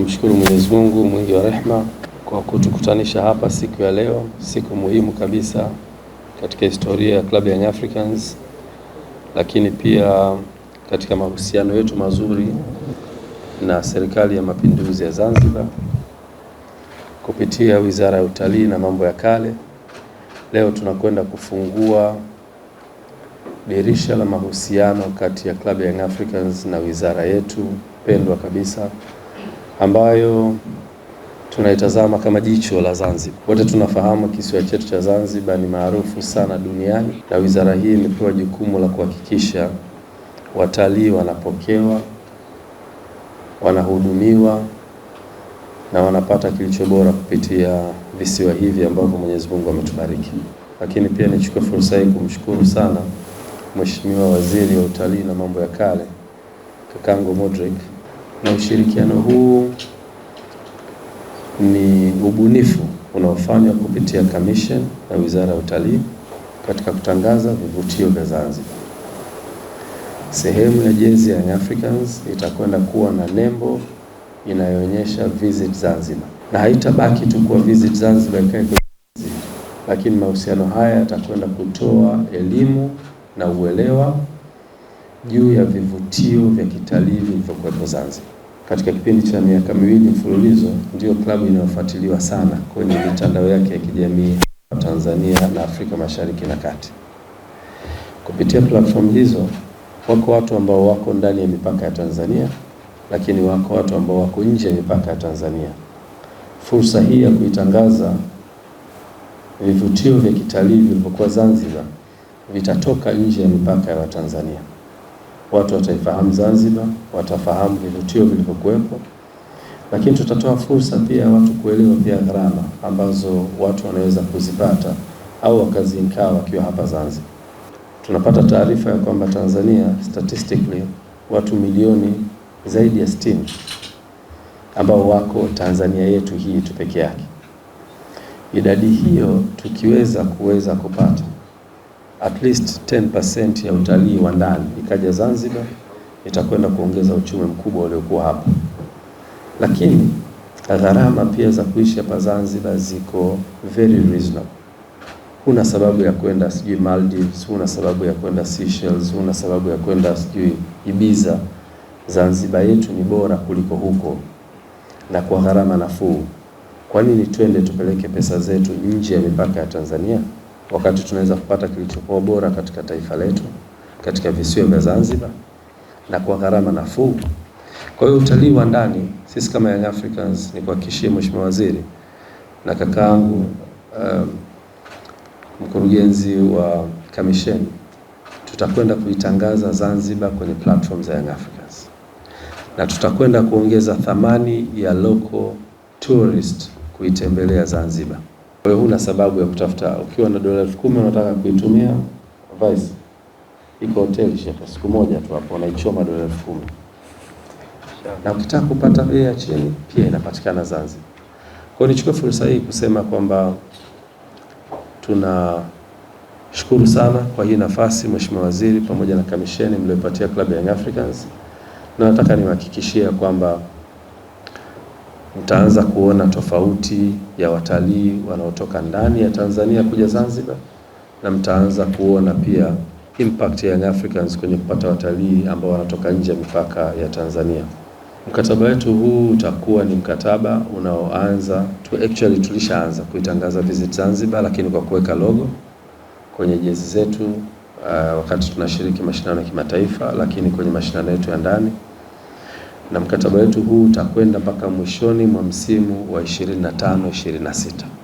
kumshukuru Mwenyezi Mungu mwingi wa rehma kwa kutukutanisha hapa siku ya leo, siku muhimu kabisa katika historia ya klabu ya Young Africans, lakini pia katika mahusiano yetu mazuri na Serikali ya Mapinduzi ya Zanzibar kupitia Wizara ya Utalii na Mambo ya Kale. Leo tunakwenda kufungua dirisha la mahusiano kati ya klabu ya Young Africans na wizara yetu pendwa kabisa ambayo tunaitazama kama jicho la Zanzibar. Wote tunafahamu kisiwa chetu cha Zanzibar ni maarufu sana duniani, na wizara hii imepewa jukumu la kuhakikisha watalii wanapokewa, wanahudumiwa na wanapata kilicho bora kupitia visiwa hivi ambavyo Mwenyezi Mungu ametubariki. Lakini pia nichukue fursa hii kumshukuru sana Mheshimiwa Waziri wa Utalii na Mambo ya Kale, kakangu Modric na ushirikiano huu ni ubunifu unaofanywa kupitia Kamisheni na Wizara ya Utalii katika kutangaza vivutio vya Zanzibar. Sehemu ya jezi ya Young Africans itakwenda kuwa na nembo inayoonyesha Visit Zanzibar, na haitabaki tu kuwa Visit Zanzibar ikae kwenye, lakini mahusiano haya yatakwenda kutoa elimu na uelewa juu ya vivutio vya kitalii vilivyokuwepo Zanzibar katika kipindi cha miaka miwili mfululizo ndio klabu inayofuatiliwa sana kwenye mitandao yake ya kijamii wa Tanzania na Afrika Mashariki na Kati. Kupitia platform hizo, wako watu ambao wako ndani ya mipaka ya Tanzania, lakini wako watu ambao wako nje ya mipaka ya Tanzania. Fursa hii ya kuitangaza vivutio vya kitalii vilivyokuwa Zanzibar vitatoka nje ya mipaka ya Watanzania watu wataifahamu Zanzibar, watafahamu vivutio vilivyokuwepo, lakini tutatoa fursa pia watu kuelewa pia gharama ambazo watu wanaweza kuzipata au wakaziinkaa wakiwa hapa Zanzibar. Tunapata taarifa ya kwamba Tanzania statistically watu milioni zaidi ya 60 ambao wako Tanzania yetu hii tu peke yake. Idadi hiyo tukiweza kuweza kupata at least 10% ya utalii wa ndani ikaja Zanzibar, itakwenda kuongeza uchumi mkubwa uliokuwa hapo. Lakini gharama pia za kuishi hapa Zanzibar ziko very reasonable. Huna sababu ya kwenda sijui Maldives, huna sababu ya kwenda Seychelles, huna sababu ya kwenda sijui Ibiza. Zanzibar yetu ni bora kuliko huko na kwa gharama nafuu. Kwa nini twende tupeleke pesa zetu nje ya mipaka ya Tanzania? wakati tunaweza kupata kilichokuwa bora katika taifa letu, katika visiwa vya Zanzibar na kwa gharama nafuu. Kwa hiyo utalii wa ndani sisi kama Young Africans, ni kuhakikishia Mheshimiwa Waziri na kakaangu um, eh, mkurugenzi wa kamisheni, tutakwenda kuitangaza Zanzibar kwenye platform za Young Africans na tutakwenda kuongeza thamani ya local tourist kuitembelea Zanzibar. Kwa hiyo huna sababu ya kutafuta. Ukiwa na dola elfu kumi unataka kuitumia Vice, iko hoteli shehe, siku moja tu hapo unaichoma dola elfu kumi na ukitaka kupata bei ya chini pia inapatikana Zanzibar. Kwa hiyo nichukue fursa hii kusema kwamba tunashukuru sana kwa hii nafasi, Mheshimiwa Waziri pamoja na kamisheni mliopatia Club ya Young Africans, na nataka niwahakikishie kwamba utaanza kuona tofauti ya watalii wanaotoka ndani ya Tanzania kuja Zanzibar, na mtaanza kuona pia impact ya Young Africans kwenye kupata watalii ambao wanatoka nje ya mipaka ya Tanzania. Mkataba wetu huu utakuwa ni mkataba unaoanza tu, actually tulishaanza kuitangaza Visit Zanzibar, lakini kwa kuweka logo kwenye jezi zetu uh, wakati tunashiriki mashindano ya kimataifa, lakini kwenye mashindano yetu ya ndani na mkataba wetu huu utakwenda mpaka mwishoni mwa msimu wa 25 26.